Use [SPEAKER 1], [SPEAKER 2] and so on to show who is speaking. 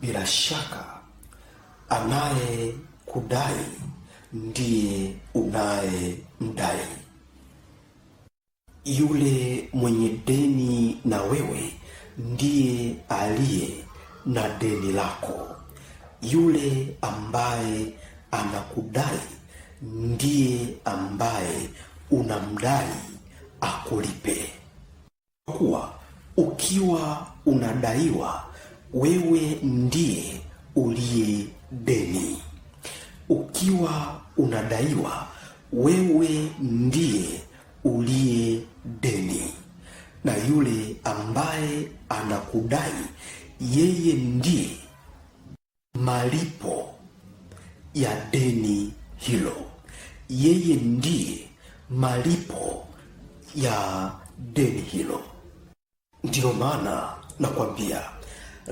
[SPEAKER 1] Bila shaka anaye kudai ndiye unaye mdai. Yule mwenye deni na wewe ndiye aliye na deni lako. Yule ambaye anakudai ndiye ambaye unamdai akulipe. Kwa kuwa ukiwa unadaiwa wewe ndiye uliye deni. Ukiwa unadaiwa, wewe ndiye uliye deni, na yule ambaye anakudai yeye ndiye malipo ya deni hilo, yeye ndiye malipo ya deni hilo. Ndiyo maana nakwambia